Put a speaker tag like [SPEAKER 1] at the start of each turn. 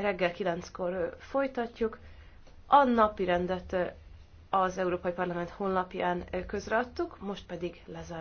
[SPEAKER 1] reggel kilenckor folytatjuk. A napi rendet az Európai Parlament honlapján közreadtuk, most pedig lezárjuk.